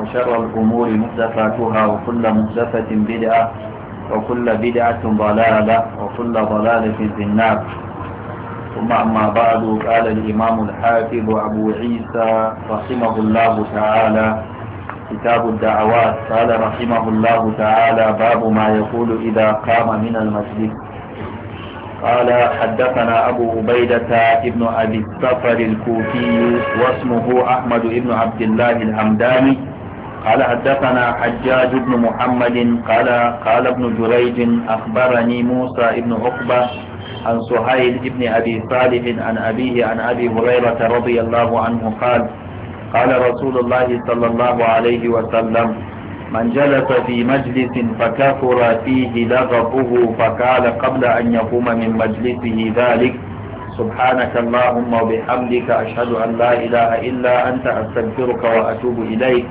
وشر الأمور مهدفاتها وكل مهدفة بدعة وكل بدعة ضلالة وكل ضلالة في النار ثم أما بعد قال الإمام الحافظ أبو عيسى رحمه الله تعالى كتاب الدعوات قال رحمه الله تعالى باب ما يقول إذا قام من المسجد قال حدثنا أبو عبيدة ابن أبي السفر الكوفي واسمه أحمد ابن عبد الله الحمداني قال حدثنا حجاج بن محمد قال قال ابن جريج أخبرني موسى بن عقبة عن سهيل بن أبي صالح عن أبيه عن أبي هريرة رضي الله عنه قال قال رسول الله صلى الله عليه وسلم من جلس في مجلس فكثر فيه لغبه فقال قبل أن يقوم من مجلسه ذلك سبحانك اللهم وبحمدك أشهد أن لا إله إلا أنت أستغفرك وأتوب إليك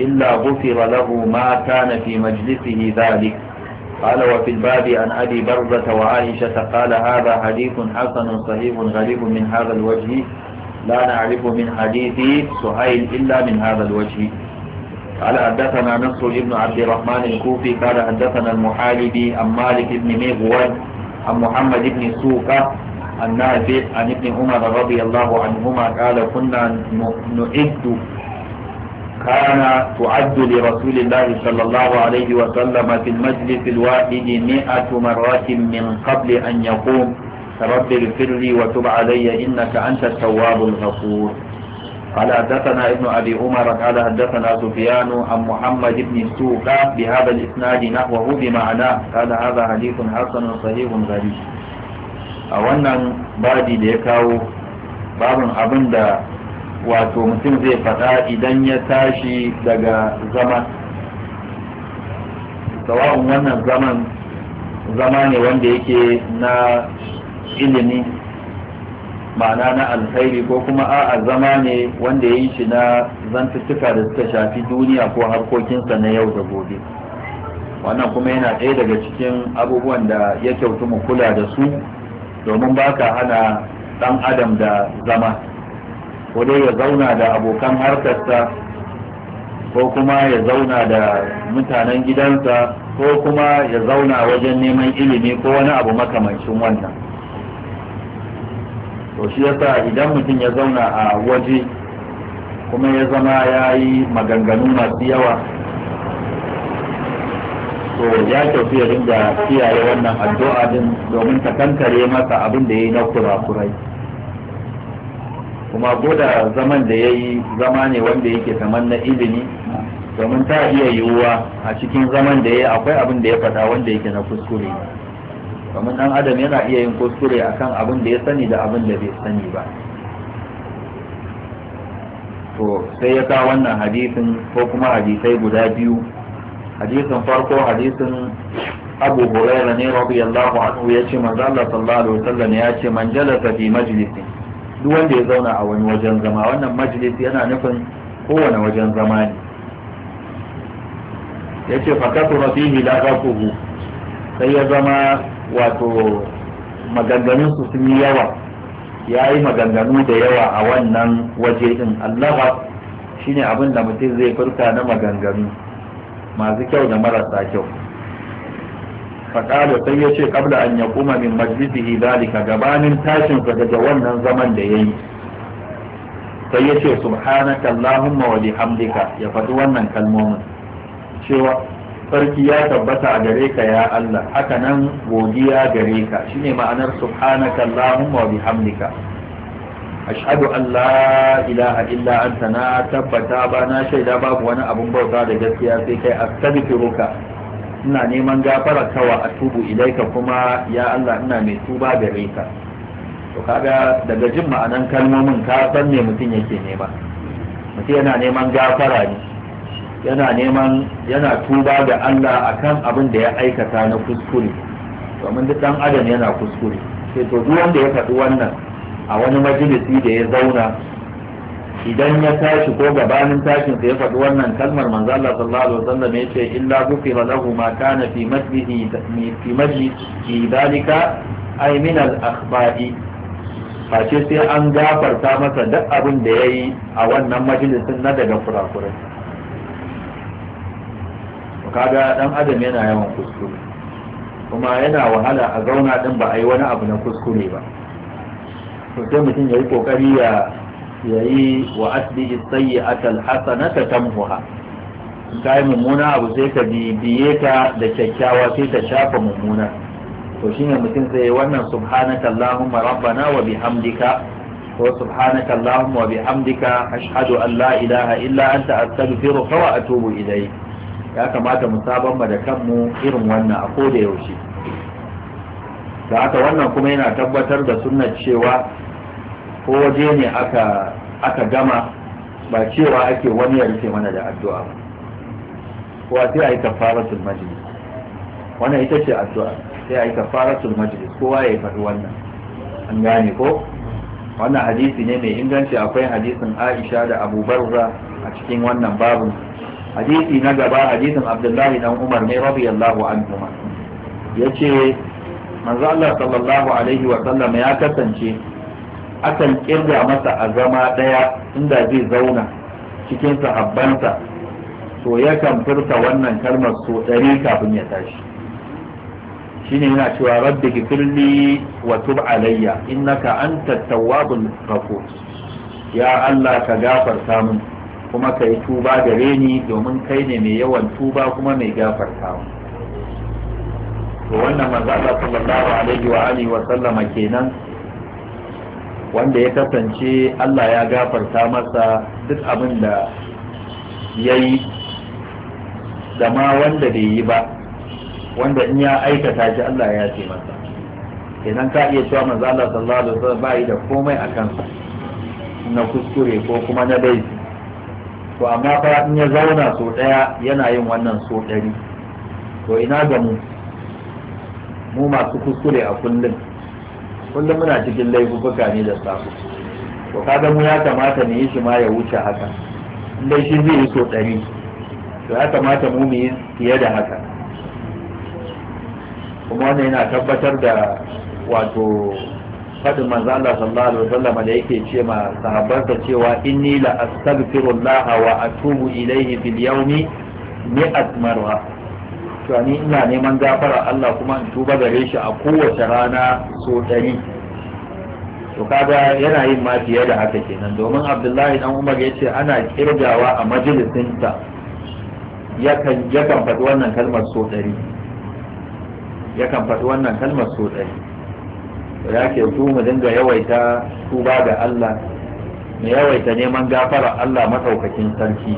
إلا غفر له ما كان في مجلسه ذلك قال وفي الباب عن أبي برزة وعائشة قال هذا حديث حسن صحيح غريب من هذا الوجه لا نعرف من حديث سهيل إلا من هذا الوجه قال حدثنا نصر بن عبد الرحمن الكوفي قال حدثنا المحاربي عن مالك بن ميغوان عن محمد بن سوقة عن نافع عن ابن عمر رضي الله عنهما قال كنا نعد كان تعد لرسول الله صلى الله عليه وسلم في المجلس الواحد مئة مرة من قبل أن يقوم رب اغفر لي وتب علي إنك أنت التواب الغفور قال حدثنا ابن أبي عمر قال حدثنا سفيان عن محمد بن سوقة بهذا الإسناد نحوه بمعناه قال هذا حديث حسن صحيح غريب a wannan babi da ya kawo babin abin da wato mutum zai faɗa idan ya tashi daga zaman tsawon wannan zaman zama ne wanda yake na ilimi ma'ana na alkhairi ko kuma a'a zama ne wanda ya yi shi na zantuttuka da suka shafi duniya ko harkokinsa na yau da gobe wannan kuma yana ɗaya daga cikin abubuwan da ya kyautu mu kula da su domin ba ka hana ɗan adam da zama ko dai ya zauna da abokan harkarsa ko kuma ya zauna da mutanen gidansa ko kuma ya zauna wajen neman ilimi ko wani abu makamancin wannan to shi yasa idan mutum ya zauna a waje kuma ya zama ya yi maganganu masu yawa to ya tafi ya dinga kiyaye wannan addu'a din domin ta kankare masa abin da ya yi na kurakurai kuma goda zaman da ya yi zama ne wanda yake kamar na ilimi domin ta iya yiwuwa a cikin zaman da ya yi akwai abin da ya faɗa wanda yake na kuskure domin ɗan adam yana iya yin kuskure akan abin da ya sani da abin da bai sani ba to sai ya ta wannan hadisin ko kuma hadisai guda biyu hadisin farko hadisin abu hulaira ne yallahu anhu ya ce manzo Allah sallallahu alaihi ya ce man jalasa fi majlisin duk wanda ya zauna a wani wajen zama wannan majalis yana nufin kowane wajen zama ne ya ce fakatu rafihi lagafuhu sai ya zama wato maganganun su sun yi yawa ya yi maganganu da yawa a wannan waje din allaha shine abin da mutum zai furta na maganganu masu kyau da marasa kyau faƙala sai ya ce kabla an ya kuma min majalisihi dalika gabanin tashinsa daga wannan zaman da ya yi sai ya ce subhanaka allahumma wa bihamdika ya faɗi wannan kalmomin cewa sarki ya tabbata a gare ka ya Allah haka nan godiya gare ka shine ma'anar subhanaka allahumma wa bihamdika ashhadu an la ilaha illa anta na tabbata ba na shaida babu wani abun bauta da gaskiya sai kai astaghfiruka ina neman gafara kawa a tubu ilaika kuma ya Allah ina mai tuba gare ka to kaga daga jin ma'anan kalmomin ka san me mutum yake nema mutum yana neman gafara ne yana neman yana tuba ga Allah akan abin da ya aikata na kuskure domin duk dan adam yana kuskure sai to duk wanda ya faɗi wannan a wani majalisi da ya zauna idan ya tashi ko gabanin tashin sa ya faɗi wannan kalmar manzo Allah sallallahu alaihi wasallam yace illa ghufira lahu ma kana fi majlihi fi majlihi dalika ay min al face sai an gafarta masa duk abin da yayi a wannan majalisin na daga kurakurai kaga dan adam yana yawan kuskure kuma yana wahala a zauna din ba a yi wani abu na kuskure ba to sai mutum ya yi kokari ya yayi wa aslihi sayyi'ata alhasanata tamhuha kai mummuna abu sai ka bibiye ta da kyakkyawa sai ta shafa mummuna to shine mutum sai wannan subhanaka allahumma rabbana wa bihamdika ko subhanaka allahumma wa bihamdika ashhadu an la ilaha illa anta astaghfiruka wa atubu ilayk ya kamata mu saban da kanmu irin wannan a koda yaushe da haka wannan kuma yana tabbatar da sunnar cewa ko waje ne aka gama ba cewa ake wani ya rufe mana da addu'a ba ko sai a yi kafaratul majlis wannan ita ce addu'a sai a yi kafaratul majlis kowa ya faɗi wannan an gane ko wannan hadisi ne mai inganci akwai hadisin Aisha da Abu Barza a cikin wannan babin hadisi na gaba hadisin Abdullahi dan Umar ne radiyallahu anhu yace manzo Allah sallallahu alaihi wa sallam ya kasance akan kirga masa a zama ɗaya inda zai zauna cikin sahabbansa to yakan furta wannan kalmar so ɗari kafin ya tashi shine yana cewa rabbi gifirli wa tub alayya innaka antat tawwabul ghafur ya Allah ka gafarta min kuma ka yi tuba gare ni domin kai ne mai yawan tuba kuma mai gafarta min to wannan manzo Allah sallallahu alaihi wa alihi wa sallama kenan wanda ya kasance Allah ya gafarta masa duk abin da ya yi da ma wanda bai yi ba wanda in ya aikata shi Allah ya ce masa idan ka iya cewa manzo Allah sallallahu alaihi wasallam bai da komai a kansa na kuskure ko kuma na laifi to amma fa in ya zauna so daya yana yin wannan so dari to ina ga mu mu masu kuskure a kullum kullum muna cikin laifuka ne da safe to kada mu ya kamata mu yi shi ma ya wuce haka dai shi zai yi so ɗari to ya kamata mu mu yi fiye da haka kuma wannan yana tabbatar da wato faɗin manzo Allah sallallahu alaihi wasallam da yake ce ma sahabbansa cewa inni la astaghfirullah wa atubu ilayhi fil yawmi mi'at marra cewa ni ina neman gafara Allah kuma in tuba gare shi a kowace rana so ɗari to kaga yana yin ma fiye da haka kenan domin abdullahi dan umar ya ce ana kirgawa a majalisinsa yakan yakan faɗi wannan kalmar so ɗari yakan faɗi wannan kalmar so ɗari ya ke su mu dinga yawaita tuba ga Allah mu yawaita neman gafara Allah maɗaukakin sarki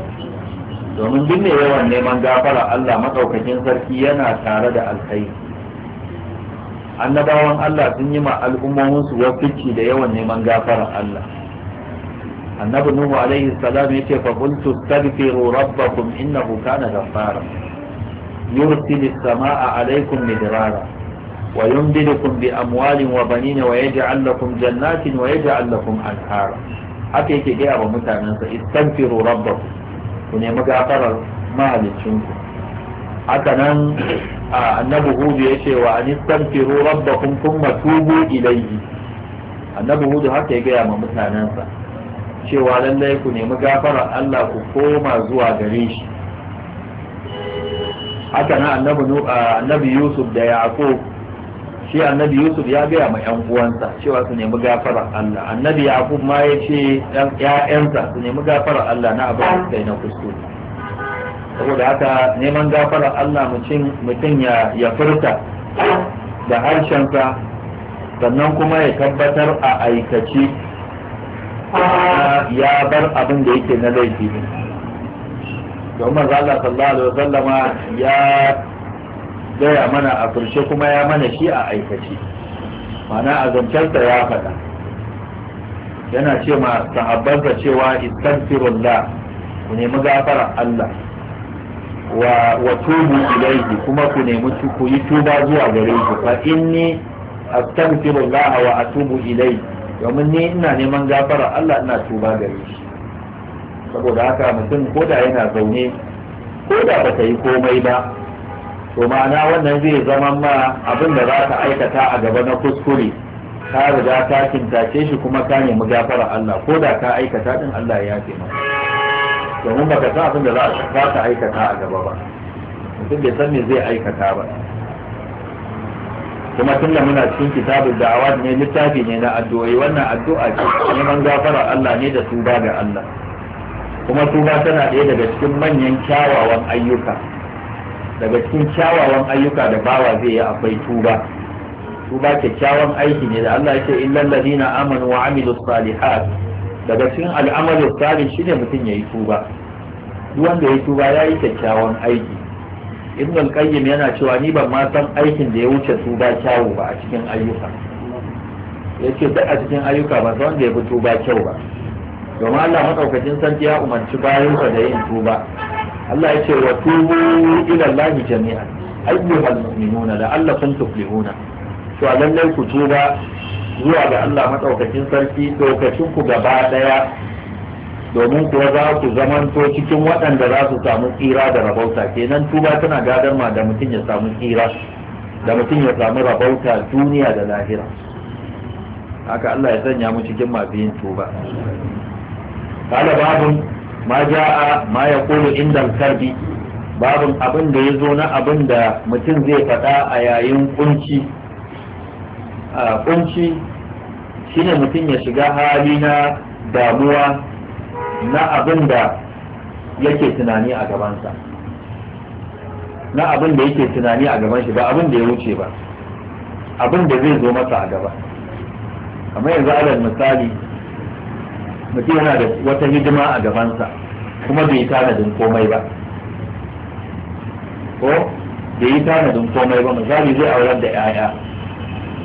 domin duk mai yawan neman gafara Allah maɗaukakin sarki yana tare da alkhairi annabawan Allah sun yi ma al'ummominsu wafici da yawan neman gafara Allah annabi nuhu alaihi salam yace fa qultu astaghfiru rabbakum innahu kana a yursilu as-samaa'a 'alaykum midrara ويمددكم بأموال وبنين ويجعل لكم جنات ويجعل لكم أنهارا haka yake gaya wa mutanensa istanfiru rabbakum ku nemi gafarar mahalicinku haka nan annabi hudu ya ce wa an istanfiru rabbakum thumma tubu ilayhi annabi hudu haka ya gaya ma mutanensa cewa lallai ku nemi gafarar Allah ku koma zuwa gare shi haka nan annabi yusuf da yaqub shi annabi yusuf ya gaya ma yan uwansa cewa su nemi gafarar allah annabi yaqub ma ya ce ya'yansa su nemi gafarar allah na abin da suka yi na kuskure saboda haka neman gafarar allah mutum ya furta da harshensa sannan kuma ya tabbatar a aikaci ya bar abin da yake na laifi ne sallallahu alaihi wasallama ya gaya mana a furshe kuma ya mana shi a aikace mana a zancensa ya faɗa yana ce ma sahabbansa cewa istaghfirullah ku nemi gafarar Allah wa tubu ilayhi kuma ku nemi ku yi tuba zuwa gare shi fa inni astaghfirullah wa atubu ilayhi domin ni ina neman gafarar Allah ina tuba gare shi saboda haka mutum koda yana zaune ko ba ta yi komai ba to ma'ana wannan zai zama ma abin da za ka aikata a gaba na kuskure ka riga ka kintace shi kuma ka nemi gafarar Allah ko da ka aikata din Allah ya yafe maka domin baka san abin da za ka aikata a gaba ba mutum bai san me zai aikata ba kuma da muna cikin da da'awa ne littafi ne na addu'o'i wannan addu'a ce neman gafarar Allah ne da tuba ga Allah kuma tuba tana ɗaya daga cikin manyan kyawawan ayyuka daga cikin kyawawan ayyuka da bawa zai yi akwai tuba tuba kyakkyawan aiki ne da Allah ya ce illal ladina amanu wa amilus salihat daga cikin al'amalus salih shine mutum yayi tuba duk wanda yayi tuba yayi kyakkyawan aiki ibn al-qayyim yana cewa ni ban ma san aikin da ya wuce tuba kyawu ba a cikin ayyuka yace duk a cikin ayyuka ba san da ya fi tuba kyau ba domin Allah madaukakin sarki ya umarci bayansa da yin tuba Allah ya ce wa tubu ila Allah jami'an ayyuhal mu'minuna la'allakum tuflihuna to a lallai ku tuba zuwa ga Allah madaukakin sarki lokacin ku gaba daya domin kuwa za ku zamanto cikin waɗanda za su samu tsira da rabauta kenan tuba tana gadar ma da mutum ya samu tsira da mutum ya samu rabauta duniya da lahira haka Allah ya sanya mu cikin masu yin tuba قال بعض ma ja'a ma يقول عند karbi babin abin da ya zo na abin da mutum zai faɗa a yayin kunci kunci shine mutum ya shiga hali na damuwa na yake tunani a gabansa na abin da yake tunani a gaban shi ba abin da ya wuce ba abin da zai zo masa a gaba amma yanzu alal misali mutum yana da wata hidima a gabansa kuma bai yi tanadin komai ba ko bai yi tanadin komai ba misali zai aurar da 'ya'ya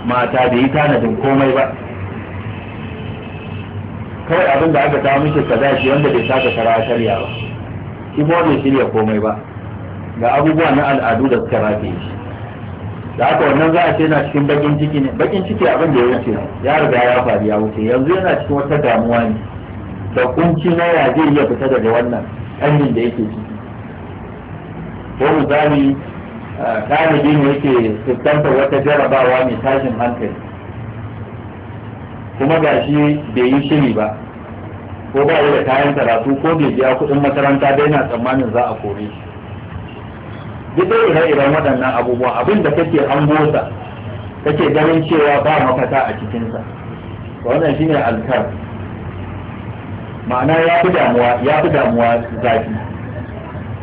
mata bai yi tanadin komai ba kawai abin da aka ta mishi kaza shi wanda bai saka kara karya ba shi ba bai shirya komai ba ga abubuwa na al'adu da suka rafe shi da haka wannan za a ce yana cikin bakin ciki ne bakin ciki abin da ya wuce ya riga ya faru ya wuce yanzu yana cikin wata damuwa ne da kunci na ya zai iya fita daga wannan ƙanjin da yake ciki ko misali ɗalibi ne yake fuskantar wata jarabawa mai tashin hankali kuma ga shi bai yi shiri ba ko ba da kayan karatu ko bai biya kuɗin makaranta dai na tsammanin za a kore shi duk da ire-iren waɗannan abubuwa abin da kake an bota kake ganin cewa ba mafata a cikinsa wannan shine alkar ma'ana ya fi damuwa ya fi damuwa zafi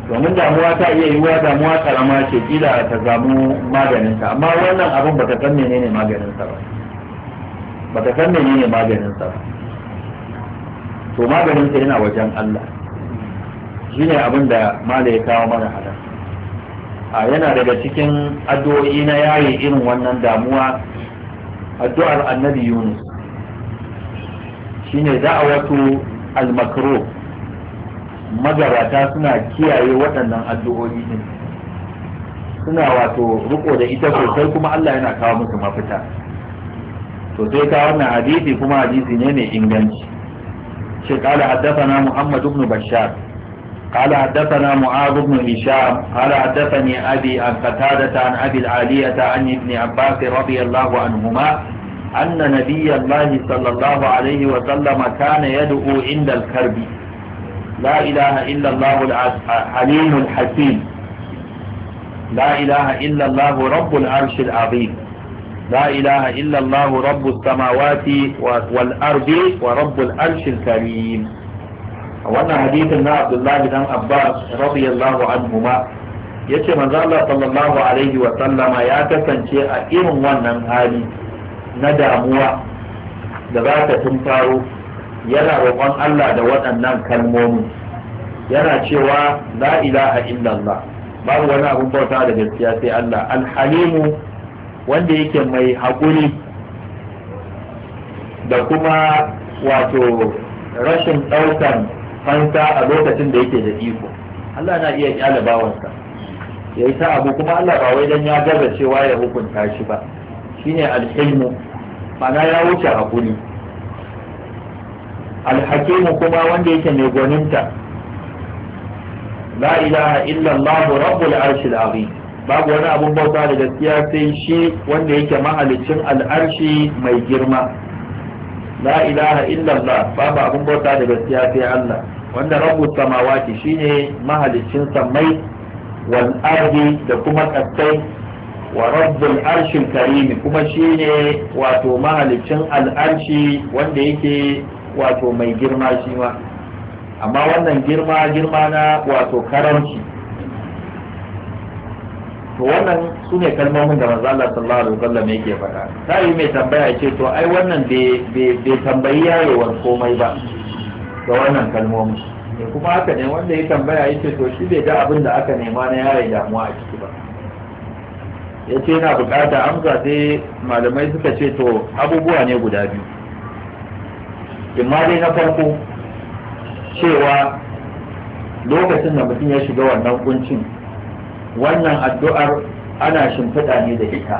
domin damuwa ta iya yiwuwa damuwa karama ce kila ta samu ta, amma wannan abin baka san menene maganinsa ba baka san menene maganinsa ba to maganin ta yana wajen Allah shine abin da mala ya kawo mana hada a yana daga cikin addu'o'i na yayi irin wannan damuwa addu'ar annabi Yunus shine da'awatu almakro magabata suna kiyaye waɗannan addu'o'i din suna wato riko da ita sosai kuma Allah yana kawo musu mafita to sai ka wannan hadisi kuma hadisi ne mai inganci shi kala haddathana Muhammad ibn Bashar قال حدثنا معاذ بن هشام قال حدثني أبي عن قتادة عن أبي العالية عن ابن عباس رضي الله عنهما أن نبي الله صلى الله عليه وسلم كان يدعو عند الكرب لا إله إلا الله الحليم الحكيم لا إله إلا الله رب العرش العظيم لا إله إلا الله رب السماوات والأرض ورب العرش الكريم وانا حديث عبد الله بن عباس رضي الله عنهما yace manzo Allah sallallahu alaihi wa sallama ya kasance a irin wannan hali na damuwa da za ta tunkaro yana roƙon Allah da waɗannan kalmomi yana cewa la ilaha illallah babu wani abun bauta da gaskiya sai Allah alhalimu wanda yake mai haƙuri da kuma wato rashin ɗaukan fanta a lokacin da yake da iko Allah na iya ƙyale bawansa ya yi ta abu kuma Allah ba wai dan ya gaza cewa ya hukunta shi ba shine alhilmu mana ya wuce hakuri alhakimu kuma wanda yake mai gwaninta la ilaha illallah rabbul arshil azim babu wani abun bauta da gaskiya sai shi wanda yake mahalicin al'arshi mai girma la ilaha illallah babu abun bauta da gaskiya sai Allah wanda rabbu samawati shine mahalicin samai wal ardi da kuma kasai wa rabbul arshil karim kuma shine wato mahalicin al'arshi wanda yake wato mai girma shi ma amma wannan girma girma na wato karamci to wannan su ne kalmomin da manzo Allah sallallahu alaihi wasallam yake faɗa sai mai tambaya ce to ai wannan bai tambayi yayewar komai ba da wannan kalmomin kuma haka ne wanda ya tambaya yake to shi bai ga abin da aka nema na yare damuwa a ciki ba ya ce yana bukata amsa sai malamai suka ce to abubuwa ne guda biyu imma dai na farko cewa lokacin da mutum ya shiga wannan kuncin wannan addu'ar ana shimfiɗa ne da ita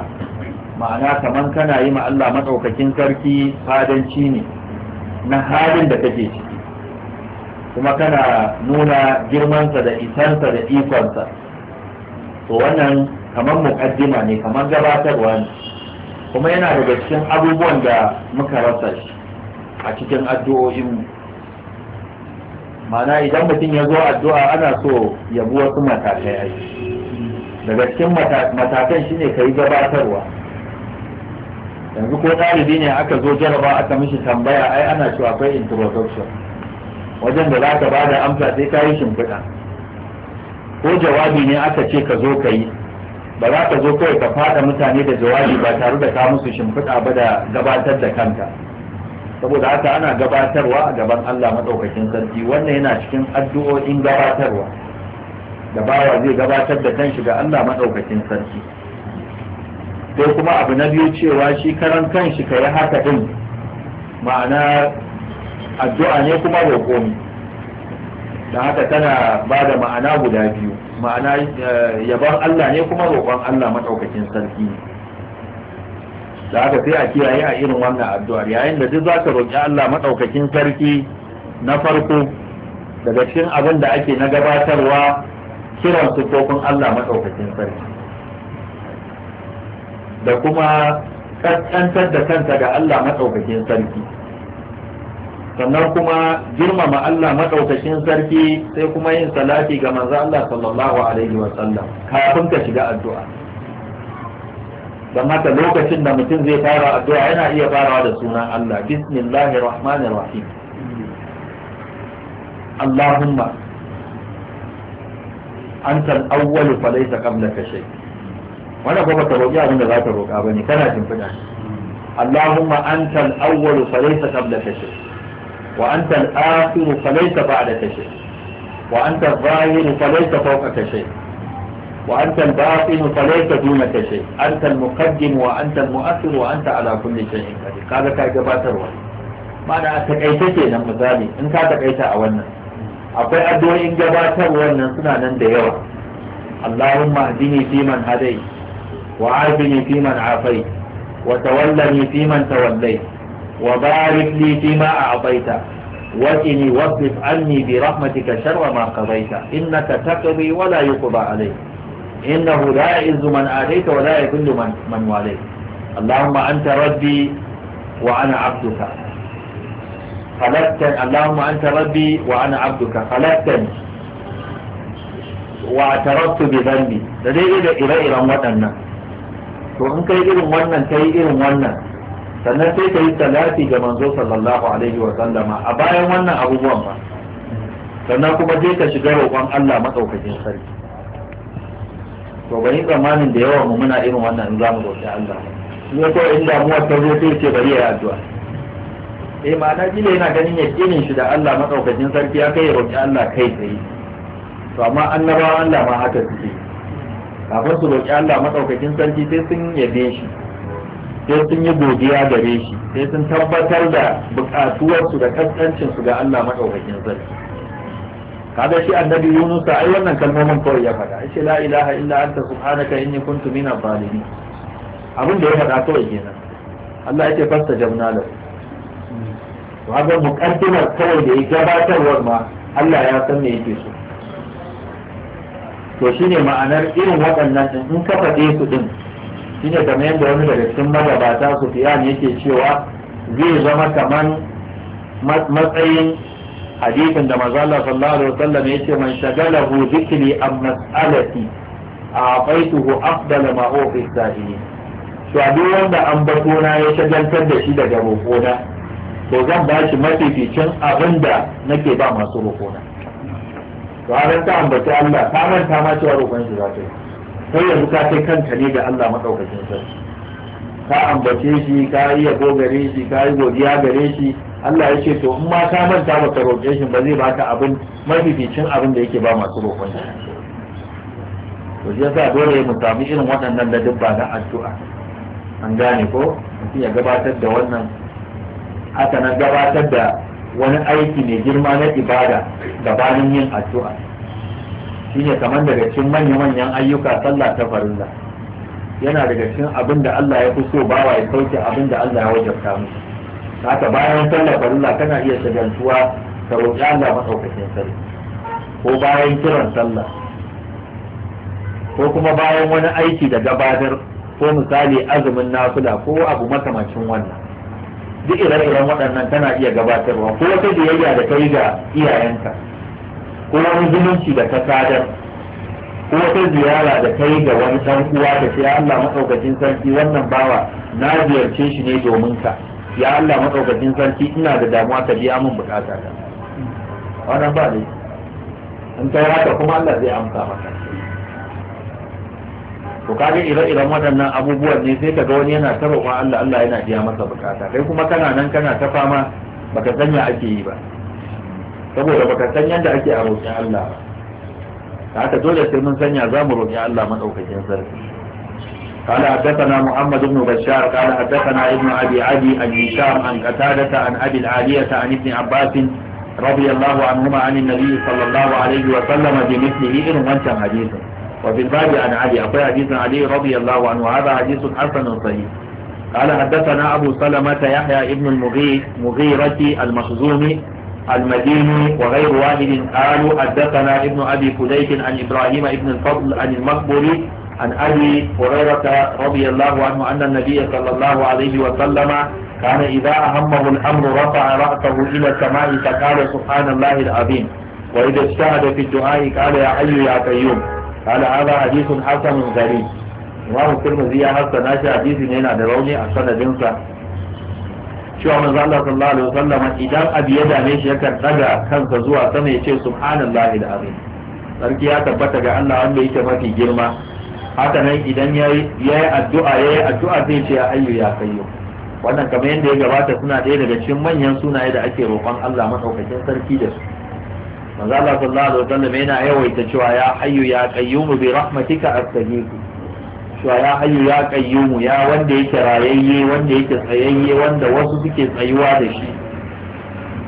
ma'ana kamar kana yi ma Allah maɗaukakin sarki fadanci ne na halin da kake ciki kuma kana nuna girmansa da isansa da ikonsa to wannan kamar mukaddima ne kamar gabatarwa ne kuma yana daga cikin abubuwan da muka rasa shi a cikin addu'o'inmu mana idan mutum ya zo addu'a ana so ya bi wasu matakai a daga cikin matakan shine ka yi gabatarwa yanzu ko ɗalibi ne aka zo jaraba aka mishi tambaya ai ana cewa akwai introduction wajen da za ka ba da amsa sai ka yi shimfiɗa ko jawabi ne aka ce ka zo ka yi ba za ka zo kawai ka fada mutane da jawabi ba tare da ka musu shimfiɗa ba da gabatar da kanka saboda haka ana gabatarwa a gaban Allah madaukakin sarki wannan yana cikin addu'o'in gabatarwa da bawa zai gabatar da kanshi ga Allah madaukakin sarki sai kuma abu na biyu cewa shi karan kanshi ka yi haka din ma'ana addu'a ne kuma roƙo ne da haka tana ba da ma'ana guda biyu ma'ana eh, yabon Allah ne kuma roƙon Allah maɗaukakin sarki ne da haka sai a kiyaye a irin wannan addu'ar yayin da duk za ka roƙi Allah maɗaukakin sarki na farko daga cikin abin da ake na gabatarwa kiran sufofin Allah maɗaukakin sarki da kuma ƙasƙantar da kanta ga Allah maɗaukakin sarki sannan kuma girmama Allah madaukakin sarki sai kuma yin salati ga manzo Allah sallallahu alaihi wa sallam kafin ka shiga addu'a don haka lokacin da mutum zai fara addu'a yana iya farawa da sunan Allah bismillahir rahmanir rahim Allahumma anta al-awwal fa laysa qablaka shay wannan ba ta roƙi abin da za ta roƙa bane kana jin fada Allahumma anta al-awwal fa laysa qablaka shay wa anta al-akhiru falaysa ba'daka shay wa anta adh-dhahiru falaysa fawqaka shay wa anta al-batinu falaysa dunaka shay anta al-muqaddim wa anta al-mu'akhir wa anta ala ma'ana a takaice kenan misali in ka takaita a wannan akwai addu'o'in gabatarwa nan suna nan da yawa Allahumma hdini fi عافيت وتولني فيمن توليت وبارك لي فيما أعطيت وإني واصرف عني برحمتك شر ما قضيت إنك تقضي ولا يقضى عليك إنه لا يعز من آتيت ولا يذل من, من واليت اللهم أنت ربي وأنا عبدك خلقتني اللهم أنت ربي وأنا عبدك خلقتني واعترفت بذنبي لدي إلى إلى إلى وطننا to in kai irin wannan kai irin wannan sannan sai ka yi salati ga manzo sallallahu alaihi wa sallama a bayan wannan abubuwan ba sannan kuma je ka shiga roƙon Allah maɗaukakin sarki to ba ni tsammanin da yawa mu muna irin wannan in za mu roƙi Allah ne ko in damuwa ta zo sai ce bari ya yi addu'a eh ma'ana jile yana ganin ya kinin shi da Allah maɗaukakin sarki ya kai ya roƙi Allah kai tsaye to amma annabawan Allah ma haka suke kafin su roƙi Allah maɗaukakin sarki sai sun yabe shi sai sun yi godiya gare shi sai sun tabbatar da bukatuwarsu da kaskancinsu ga Allah maɗaukakin sarki kaga shi annabi Yunus ai wannan kalmomin kawai ya faɗa shi la ilaha illa anta subhanaka inni kuntu mina, zalimin abin da ya faɗa kawai kenan Allah yake fasta jamna da to haka mukaddimar kawai da ya gabatarwar ma Allah ya san me yake so to shine ma'anar irin waɗannan in ka faɗe su din shine kamar yadda wani daga cikin magabata su fiyan yake cewa zai zama kamar matsayin hadisin da maza Allah sallallahu alaihi wasallam ce man shagalahu dhikri am mas'alati a'taituhu afdal ma ofis fi sahili to abin wanda an bato ya shagaltar da shi daga rokona to zan ba shi mafificin abin da nake ba masu rokona to har ta ambaci Allah ta manta ma cewa rokon shi za ta yi ko yanzu ka kai kanka ne ga Allah madaukakin sarki ka ambace shi ka yi yabo gare shi ka yi godiya gare shi Allah ya ce to in ma ka manta baka roƙe shi ba zai baka abin mafificin abin da yake ba masu roƙon shi to shi yasa dole mu samu irin waɗannan ladabba na addu'a an gane ko mutum ya gabatar da wannan haka na gabatar da wani aiki mai girma na ibada gabanin yin addu'a shine kamar daga cikin manya-manyan ayyuka sallah ta farilla yana daga cikin abin da Allah ya fi so bawa ya sauke abin da Allah ya wajabta musu haka bayan Sallah farilla kana iya shagaltuwa ka roƙi Allah masaukacin sarki ko bayan kiran sallah ko kuma bayan wani aiki da gabatar ko misali azumin nafila ko abu makamancin wannan duk ire-iren waɗannan tana iya gabatarwa ko wata biyayya da kai ga iyayenka ko wani zumunci da ka sadar ko ta ziyara da kai ga wani dan uwa da sai Allah madaukakin sarki wannan bawa na ziyarce shi ne domin ka ya Allah madaukakin sarki ina da damuwa ka biya min bukata ta wannan ba ne in kai haka kuma Allah zai amsa maka to kaga ire-iren waɗannan abubuwan ne sai kaga wani yana ta roƙon Allah Allah yana biya masa bukata kai kuma kana nan kana ta fama baka sanya ake yi ba saboda baka san yadda ake a roƙin Allah ba haka dole sai mun sanya za mu roƙi Allah maɗaukakin sarki قال حدثنا محمد بن بشار قال حدثنا ابن ابي عدي عن هشام عن قتادة عن ابي العالية عن ابن عباس رضي الله عنهما عن النبي صلى الله عليه وسلم بمثله إن منتم حديثا وفي الباب عن علي أقول حديث علي رضي الله عنه هذا حديث حسن صحيح قال حدثنا أبو سلمة يحيى ابن المغيرة المخزومي المديني وغير واحد قالوا حدثنا ابن أبي كليك عن إبراهيم ابن الفضل عن المقبري عن أبي هريرة رضي الله عنه أن النبي صلى الله عليه وسلم كان إذا أهمه الأمر رفع رأسه إلى السماء فقال سبحان الله العظيم وإذا اجتهد في الدعاء قال يا حي يا قيوم قال هذا حديث حسن غريب الله زي حسن هذا حديث هنا نروني أحسن دينسا cewa manzo Allah sallallahu alaihi wasallam idan abu ya dame shi yakan daga kansa zuwa sama ya ce subhanallahi alazim sarki ya tabbata ga Allah wanda yake mafi girma haka nan idan ya yi addu'a ya yi addu'a zai ce ya ayyu ya wannan kamar yadda ya gabata suna ɗaya daga cikin manyan sunaye da ake roƙon Allah maɗaukakin sarki da su manzo Allah sallallahu alaihi wasallam yana yawaita cewa ya hayyu ya qayyumu bi rahmatika astaghfiru cewa ya hayu ya qayyumu ya wanda yake rayayye wanda yake tsayayye wanda wasu suke tsayuwa da shi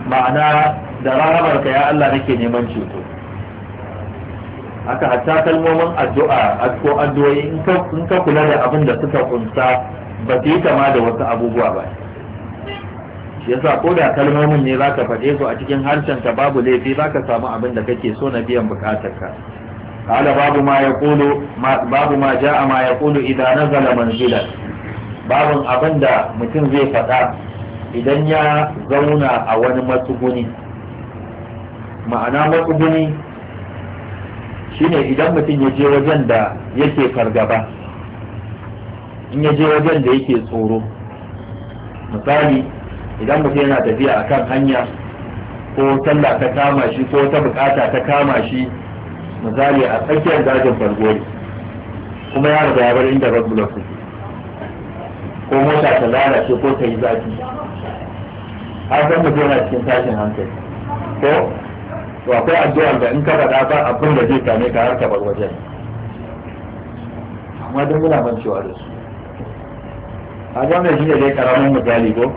ma'ana da rahamarka ya Allah nake neman ceto haka hatta kalmomin addu'a ko addu'a in ka kula da abin da suka kunsa ba su yi kama da wasu abubuwa ba yasa ko da kalmomin ne zaka faɗe su a cikin harshen ka babu laifi zaka samu abin da kake so na biyan bukatarka قال باب ما يقول ما باب ما جاء ما يقول اذا نزل منزلا باب ابدا mutum zai faɗa idan ya zauna a wani matsuguni ma'ana matsuguni shine idan mutum ya je wajen da yake fargaba in ya je wajen da yake tsoro misali idan mutum yana tafiya akan hanya ko sallah ta kama shi ko ta bukata ta kama shi misali a tsakiyar dajin fargori kuma ya riga ya bar inda rabbula ku ko mota ta lalace ko ta yi zafi har san mutum yana cikin tashin hankali ko to akwai addu'ar da in ka faɗa ba abin da zai same ka har ka bar wajen amma don muna mancewa da su a wannan shi ne dai karamin misali ko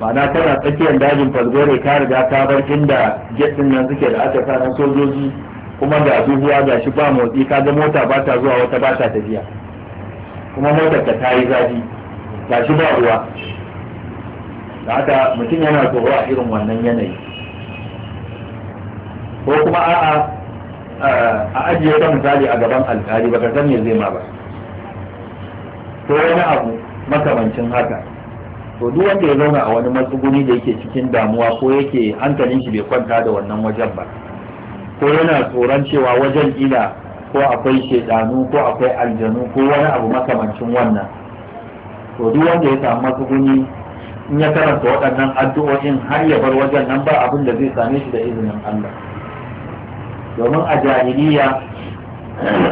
ma'ana tana tsakiyar dajin falgore ka riga ka bar inda gate nan suke da aka sa sojoji kuma ga abubuwa ga shi ba motsi kaga mota ba ta zuwa wata ba ta tafiya kuma motar ka ta yi zafi ga shi ba ruwa da haka mutum yana tsoro a irin wannan yanayi ko kuma a'a eh, a ajiye ta misali a gaban alkali baka san me zai ma ba ko wani abu makamancin haka to duk wanda ya zauna a wani matsuguni da yake cikin damuwa ko yake hankalin shi bai kwanta da wannan wajen ba ko yana tsoron cewa wajen ila ko akwai shedanu ko akwai aljanu ko wani abu makamancin wannan to duk wanda ya samu matsuguni in ya karanta waɗannan addu'o'in har ya bar wajen nan ba abin da zai same shi da izinin Allah domin a jahiliya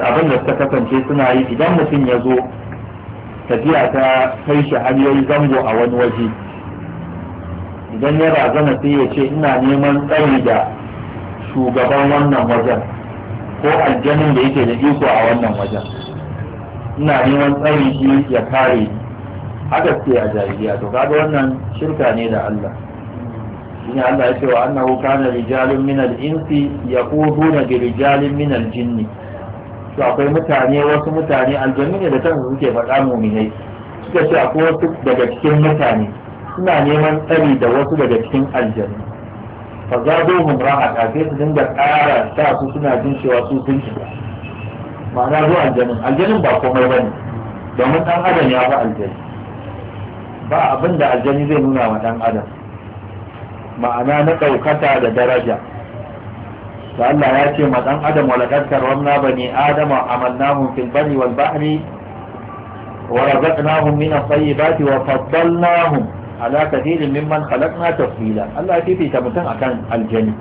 abin da suka kasance suna yi idan mutum ya zo tafiya ta kai shi har yayi zango a wani waje idan ya razana sai ya ce ina neman tsari da shugaban wannan wajen ko aljanin da yake da iko a wannan wajen ina neman tsari shi ya kare ni haka ce a jahiliya to kaga wannan shirka ne da Allah shine Allah ya ce wa annahu kana rijalun min al-insi yaquduna bi rijalin min al-jinni to akwai mutane wasu mutane aljanni ne da kansu suke faɗa muminai suka ce akwai wasu daga cikin mutane suna neman tsari da wasu daga cikin aljanni fa zadohum rahata sai su dinga ƙara sa su suna jin cewa su sun shiga ma'ana zuwa aljanin aljanin ba komai ba ne domin ɗan adam ya fi aljani ba abin da aljani zai nuna wa ɗan adam ma'ana na ɗaukata da daraja da Allah ya ce ma ɗan adam wala kaskar ba ne, adama amalnahum fil bani wal bahri wa razaqnahum min at-tayyibati wa faddalnahum ala kathirin mimman khalaqna tafdila Allah ya fifita mutum akan aljani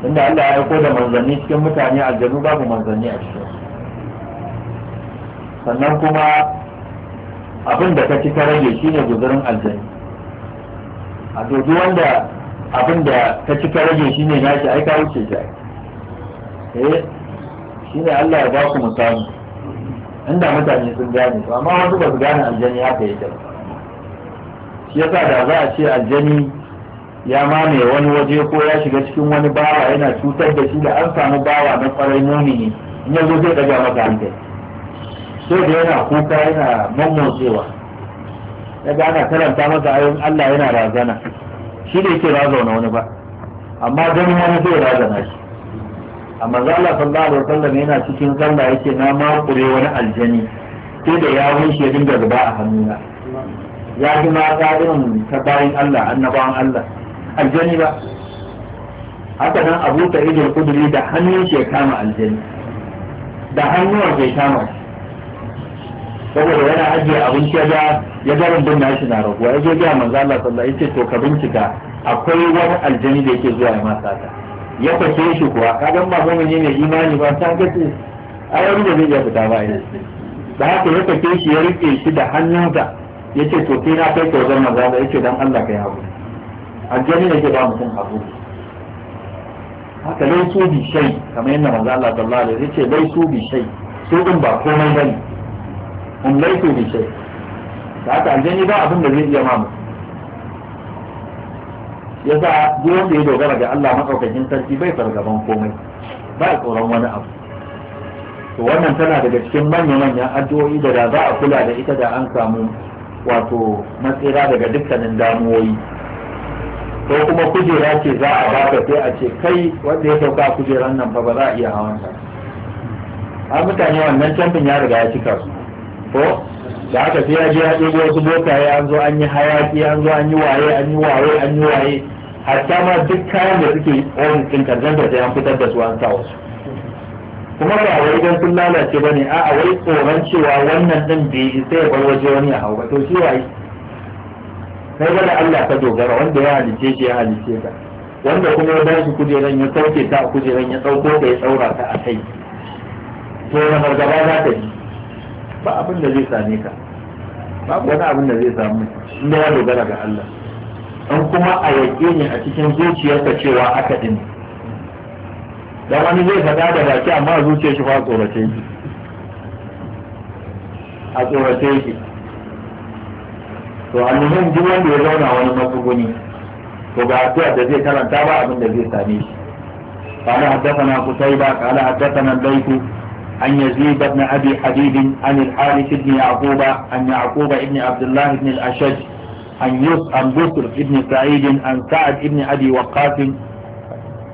inda Allah ya aiko da manzanni cikin mutane aljanu babu manzanni a cikin sannan kuma abin da ka ci ka rage shine guzurin aljani a doki wanda abin da ka ci ka rage shine nashi ai ka wuce shi eh shine Allah ya ba ku misali inda mutane sun gane to amma wasu ba su gane aljani haka yake ba shi yasa da za a ce aljani ya mame wani waje ko ya shiga cikin wani bawa yana cutar da shi da an samu bawa na kwarai ne in yanzu zai daga maka hankali sai da yana kuka yana mammotsewa daga ana karanta masa ayoyin Allah yana razana shi da yake razauna wani ba amma ganin wani zai razana shi amma za Allah sallallahu alaihi wasallam yana cikin sallah yake na makure wani aljani sai da ya wuce dinga zuba a hannuna ya fi mata irin ta bayan Allah annabawan Allah aljani ba haka nan abu ta idil kuduri da hannun ke kama aljani da hannuwan ke kama saboda yana ajiye abinci ya ga ya ga rundun nashi na raguwa ya je ga manzo Allah sallallahu alaihi wasallam to ka bincika akwai wani aljani da yake zuwa ya mata ta ya fashe shi kuwa kaga ba mu'mini ne mai imani ba ta ga ce a yau da zai iya fita ba da haka ya fashe shi ya rike shi da hannunsa ya ce to sai na kai ka wajen maza da yake dan Allah ka yi haƙuri aljani ne ke ba mutum haƙuri haka laisu bi shai kamar yadda maza Allah sallallahu alaihi ya ce laisu bi shai su din ba komai bane um laisu bi shai da haka aljani ba abin da zai iya ma mutum ya sa duk wanda ya dogara ga Allah maɗaukakin sarki bai fargaban komai ba tsoron wani abu to wannan tana daga cikin manya-manyan addu'o'i da da za a kula da ita da an samu wato matsira daga dukkanin damuwoyi to kuma kujera ce za a baka sai a ce kai wanda ya sauka kujeran nan fa ba za a iya hawan ta a mutane wannan camfin ya riga ya cika su ko da aka sai ya je ya ɗebo wasu bokaye an zo an yi hayaki an zo an yi waye an yi waye an yi waye hatta ma duk kayan da suke on ɗin zanta sai an fitar da su an sa wasu kuma ba wai idan sun lalace ba ne a wai tsoron cewa wannan ɗin bai isa ya bar waje wani a hau ba to shi waye kai ba da Allah ka dogara wanda ya halice shi ya halice ka wanda kuma ya ba shi kujeran ya sauke ta a kujeran ya sauko da ya tsaura ta a kai to na gaba za ka ji ba abin da zai same ka babu wani abin da zai samu inda ya dogara ga Allah an kuma a yaƙe ne a cikin zuciyarka cewa aka ne. da wani zai faɗa da baki amma zuciya shi fa tsorace shi a tsorace shi to annuhin duk wanda ya zauna wani matsuguni to ga addu'a da zai karanta ba abin da zai same shi قال حدثنا قتيبة قال حدثنا الليث عن يزيد بن أبي حبيب عن الحارث بن يعقوب عن يعقوب بن عبد الله بن الأشج عن يوسف عن بصر بن سعيد عن سعد بن أبي وقاص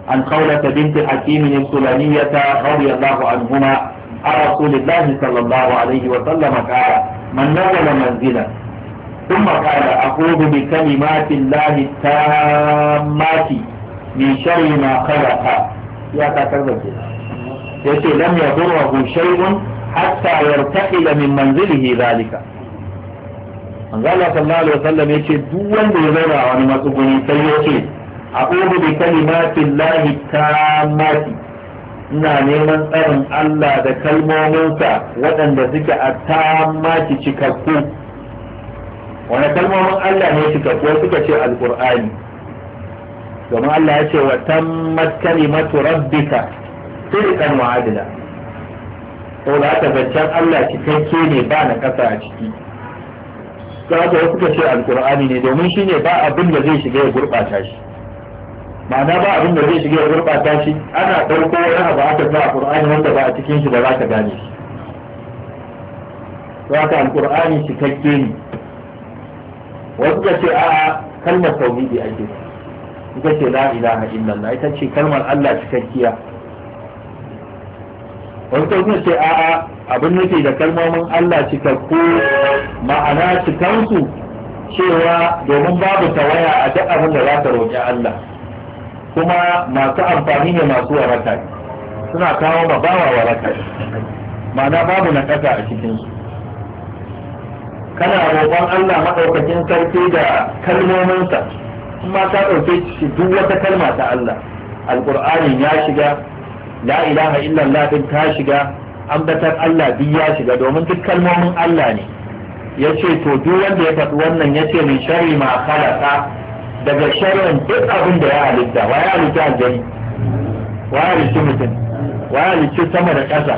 عن قولة بنت حكيم السلمية رضي الله عنهما عن رسول الله صلى الله عليه وسلم قال من نزل منزلا ثم قال أقول بكلمات الله التامات من شر ما خلق يا تكذب يقول لم يضره شيء حتى يرتحل من منزله ذلك manzo Allah صلى الله عليه وسلم يقول دون ya عن a wani a'udhu bi kalimatin lahi tammati ina neman tsarin Allah da kalmominsa waɗanda suke a tammati cikakku wani kalmomin Allah ne cikakku suka ce alqur'ani domin Allah ya ce wa tammat kalimatu rabbika sidqan wa adla saboda haka Allah cikakke ne ba na kasa a ciki za ka ce alkur'ani ne domin shi ne ba abin da zai shiga ya gurɓata shi ma'ana ba abin da zai shiga ya gurɓata shi ana ɗauko wani abu aka sa a ƙur'ani wanda ba a cikin shi da za ka gane shi za ka alƙur'ani kakke ne wasu ka ce a'a kalmar tauhidi ake ita ce la ilaha illallah ita ce kalmar Allah cikakkiya wasu ka ce a'a abin ke da kalmomin Allah cikakku ma'ana cikansu cewa domin babu tawaya a duk abin da za ka roƙi Allah kuma masu amfani ne masu waraka suna kawo ma bawa waraka ma'ana babu na ƙasa a cikinsu kana roƙon Allah maɗaukakin sarki da kalmominsa ma ta ɗauke shi duk wata kalma ta Allah alƙur'anin ya shiga la ilaha illallah din ta shiga ambatar Allah duk ya shiga domin duk kalmomin Allah ne ya ce to duk wanda ya faɗi wannan ya ce min shari ma khalaqa daga sharrin duk abin da ya halitta wa ya halitta aljani wa ya halitta mutum wa ya halitta sama da ƙasa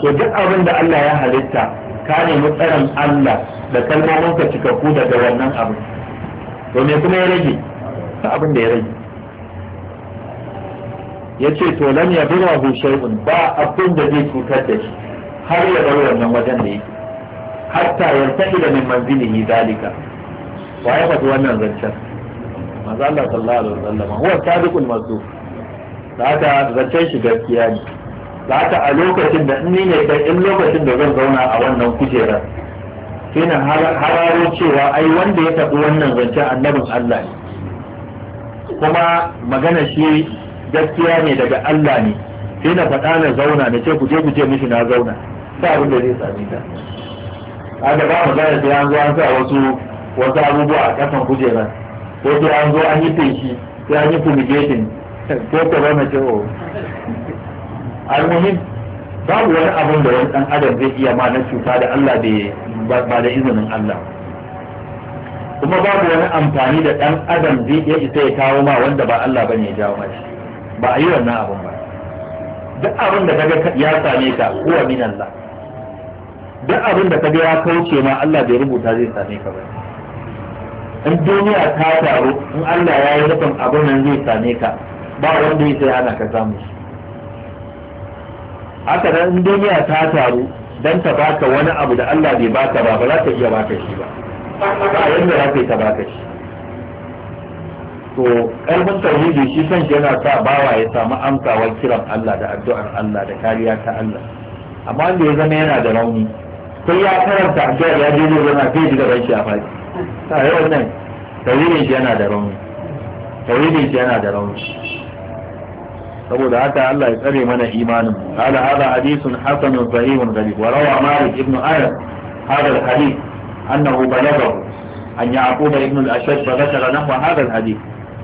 to duk abin da Allah ya halitta ka nemi tsaron Allah da kalmomin ka cikakku daga wannan abin to me kuma ya rage abin da ya rage ya ce to lam ya bi wa shay'un ba abin da zai cutar da shi har ya bar wannan wajen da yake hatta yartahi da min manzilihi zalika wa ya faɗi wannan zancen manzo Allah sallallahu alaihi wasallam huwa sadiqul masduq da haka shi gaskiya ne da haka a lokacin da ni ne da in lokacin da zan zauna a wannan kujerar shine hararo cewa ai wanda ya tafi wannan zancen annabin Allah ne kuma magana shi gaskiya ne daga Allah ne sai na faɗa na zauna na ce kuje kuje mishi na zauna ta abin da zai sami ta a da ba mu zai da yanzu an sa wasu wasu abubuwa a kasan kujerar ko sai an zo an yi feshi sai an yi fumigation ko ta ba mace o oh. almuhim babu wani abin da wani dan adam zai iya ma na cuta da Allah bai ba da izinin Allah kuma babu wani amfani da dan adam zai iya isa ya kawo ma wanda ba Allah bane ya jawo mashi ba a yi wannan abin ba duk abin da kaga ya same ka huwa min Allah duk abin da kaga ya kauce ma Allah bai rubuta zai same ka ba in duniya ta taru in Allah ya yi rufin abu nan zai same ka ba wanda ya sai ana ka samu shi haka nan in duniya ta taru dan ta baka wani abu da Allah bai baka ba ba za ta iya baka shi ba ba yadda za ta yi ta baka shi to karfin tauhidi shi kan shi yana sa bawa ya samu amsawa kiran Allah da addu'ar Allah da kariya ta Allah amma wanda ya zama yana da rauni sai ya karanta addu'ar ya je zai zama zai ji gaban shi a faɗi a yi wannan tawilin shi yana da rauni tawilin shi yana da rauni saboda haka Allah ya tsare mana imanin qala hada hadithun hasanun sahihun ghalib wa rawa malik ibn anas hada hadith annahu balaghahu أن يعقوب ابن الأشد فذكر نحو هذا الحديث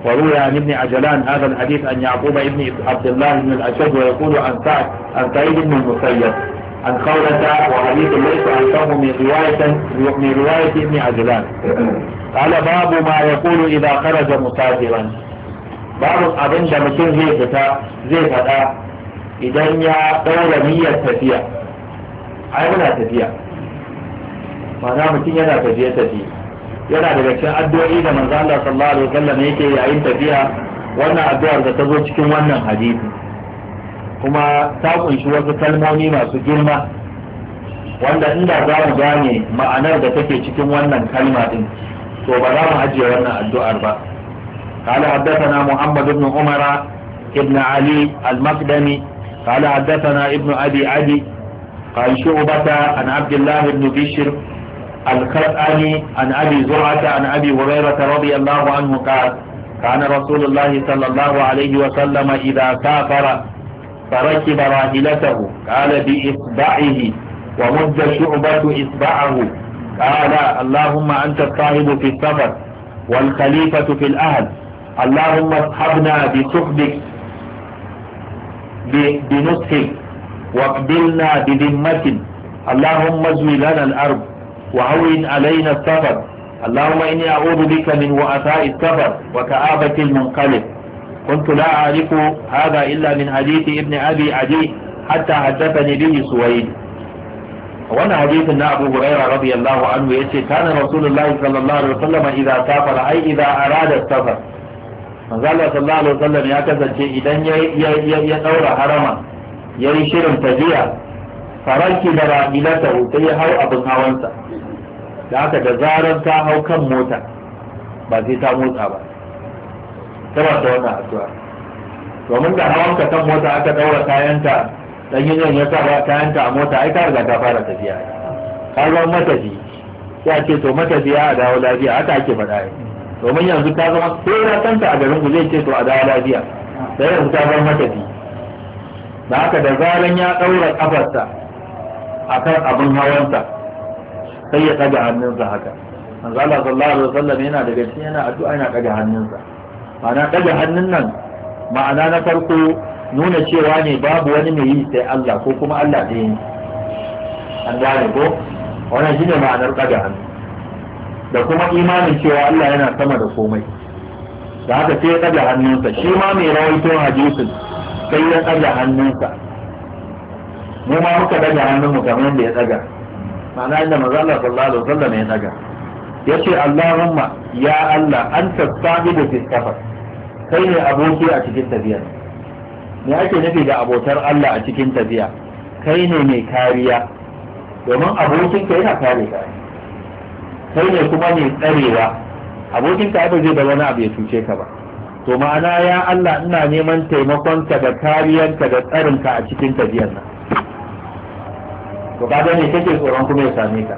وروي عن ابن عجلان هذا الحديث أن يعقوب ابن عبد الله بن الأشد ويقول عن سعد عن سعيد بن المسيب عن قولة وحديث ليس أنه من رواية من رواية ابن عجلان قال باب ما يقول إذا خرج مسافرا باب أبن دمكين زي فتا زي فتا إذا يا دولة مية تفيا أي منا تفيا ma'ana mutum yana tafiye tafiye yana daga cikin addu'o'i da manzo Allah sallallahu alaihi wasallam yake yayin tafiya wannan addu'ar da ta zo cikin wannan hadisi kuma ta kunshi wasu kalmomi masu girma wanda inda za mu gane ma'anar da take cikin wannan kalma din to ba za mu ajiye wannan addu'ar ba قال حدثنا محمد بن عمر ابن علي المقدمي قال حدثنا ابن أبي عدي قال شعبة عن عبد الله بن بشر الخطأني عن أبي زرعة عن أبي هريرة رضي الله عنه قال كان رسول الله صلى الله عليه وسلم إذا سافر فركب راحلته قال بإصبعه ومد شعبة إصبعه قال اللهم أنت الصاحب في السفر والخليفة في الأهل اللهم اصحبنا بصحبك بنصحك واقبلنا بذمة اللهم ازوي لنا الأرض وهون علينا السفر اللهم إني أعوذ بك من وأثاء السفر وكآبة المنقلب كنت لا أعرف هذا إلا من حديث ابن أبي عدي حتى حدثني به سويد وانا حديث ان ابو رضي الله عنه يتي كان رسول الله صلى الله عليه وسلم اذا سافر اي اذا اراد السفر manzo Allah sallallahu alaihi wasallam ya kasance idan ya ya daura harama ya yi shirin tafiya faraki da ra'ilata ya hau abin hawansa da haka da zarar ta hau kan mota ba sai ta motsa ba ta masu wannan addu'a domin da hawan ka kan mota aka daura kayanta dan yin yasa ba kayanta a mota ai ka riga ta fara tafiya ka ga matafi ya ce to matafiya a dawo lafiya haka ake faɗa yi domin yanzu ka zama ko ya kanta a garin ku zai ce to a dawo lafiya sai yanzu ta zama matafi da haka da zalan ya daura kafarsa akan abin ta, sai ya ɗaga hannunsa haka manzo Allah sallallahu alaihi wasallam yana daga cikin yana addu'a yana ɗaga hannunsa ma'ana ɗaga hannun nan ma'ana na farko nuna cewa ne babu wani mai yi sai Allah ko kuma Allah ɗaya ne an gane ko wannan shine ma'anar ɗaga hannu da kuma imanin cewa Allah yana sama da komai da haka sai ya ɗaga hannunsa shi ma mai rawaito hadisin sai ya ɗaga hannunsa mu ma muka ɗaga hannunmu kamar yadda ya ɗaga ma'ana inda manzo Allah sallallahu alaihi wasallam ya ɗaga ya ce Allahumma ya Allah an tasami da fiskafar kai ne aboki a cikin tafiya me ake nufi da abotar Allah a cikin tafiya kai ne mai kariya domin abokin ka yana kare ka kai ne kuma mai tsarewa ka ba zai da wani abu ya cuce ka ba to ma'ana ya Allah ina neman taimakon ka da kariyanka da ka a cikin tafiyar nan to kaga ne kake tsoron kuma ya same ka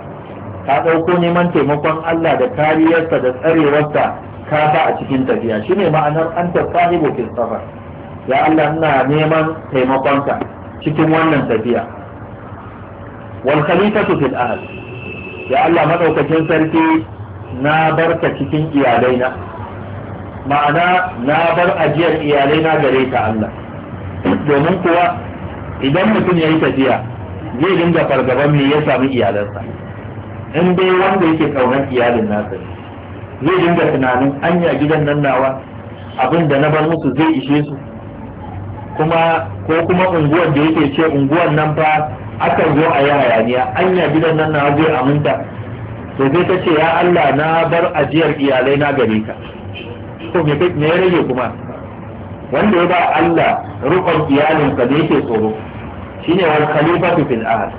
ka ɗauko neman taimakon Allah da kariyarsa da tsarewarsa ka ba a cikin tafiya shine ma'anar an ta sahibu fil safar ya Allah ina neman taimakonka cikin wannan tafiya wal khalifatu fil ahl ya Allah madaukakin sarki na barka cikin iyalaina ma'ana na bar ajiyar iyalaina gare ka Allah domin kuwa idan mutum ya yi tafiya zai dinga fargaban me ya sami iyalansa in dai wanda yake kaunar iyalin nasa zai dinga tunanin anya gidan nan nawa abin da na bar musu zai ishe su kuma ko kuma unguwar da yake ce unguwar nan fa aka zo a yi hayaniya anya gidan nan nawa zai aminta to zai ta ce ya Allah na bar ajiyar iyalai na gare ka to me me ya rage kuma wanda ya ba Allah rukun iyalinsa da yake tsoro shine wal khalifatu fil ahad